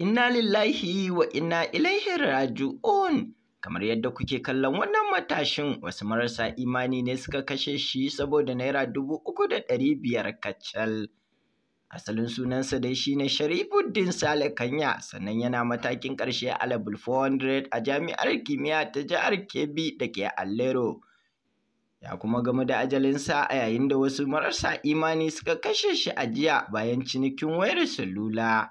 inna lillahi wa inna ilaihi raji'un kamar yadda kuke kallon wannan matashin wasu marasa imani ne suka kashe shi saboda naira dubu uku da ɗari biyar kacal asalin sunansa dai shine sharifuddin sale kanya sannan yana matakin ƙarshe a level 400 a jami'ar kimiyya ta jihar kebbi da ke allero ya kuma gamu da ajalinsa a yayin da wasu marasa imani suka kashe shi a jiya bayan cinikin wayar salula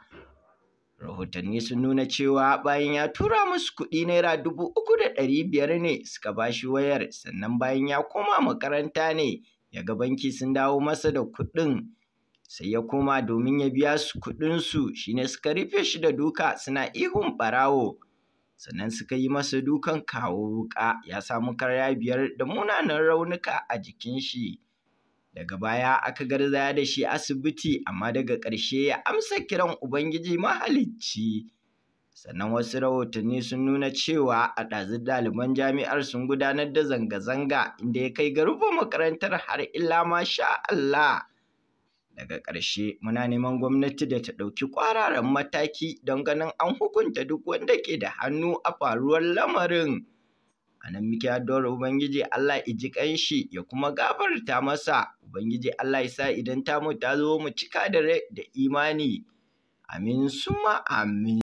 rahotanni sun nuna cewa bayan ya tura musu kuɗi naira dubu uku da ɗari biyar ne suka ba shi wayar sannan bayan ya koma makaranta ne ya ga banki sun dawo masa da kuɗin sai ya koma domin ya biya su kuɗinsu shine suka rufe shi da duka suna ihun ɓarawo sannan suka yi masa dukan kawo wuƙa ya samu karya biyar da munanan raunuka a jikin shi daga baya aka garza da shi asibiti amma daga ƙarshe ya amsa kiran ubangiji mahalicci sannan wasu rahotanni sun nuna cewa a ɗazu ɗaliban jami'ar sun gudanar da zanga-zanga inda ya kai ga rufe makarantar har illa ma sha Allah daga ƙarshe muna neman gwamnati da ta ɗauki ƙwararan mataki don ganin an hukunta duk wanda ke da hannu a faruwar lamarin a nan muke addu'ar ubangiji Allah iji ƙanshi ya kuma gafarta masa Ubangiji Allah ya sa idan ta mu ta zo mu cika da rai da imani. Amin suma amin.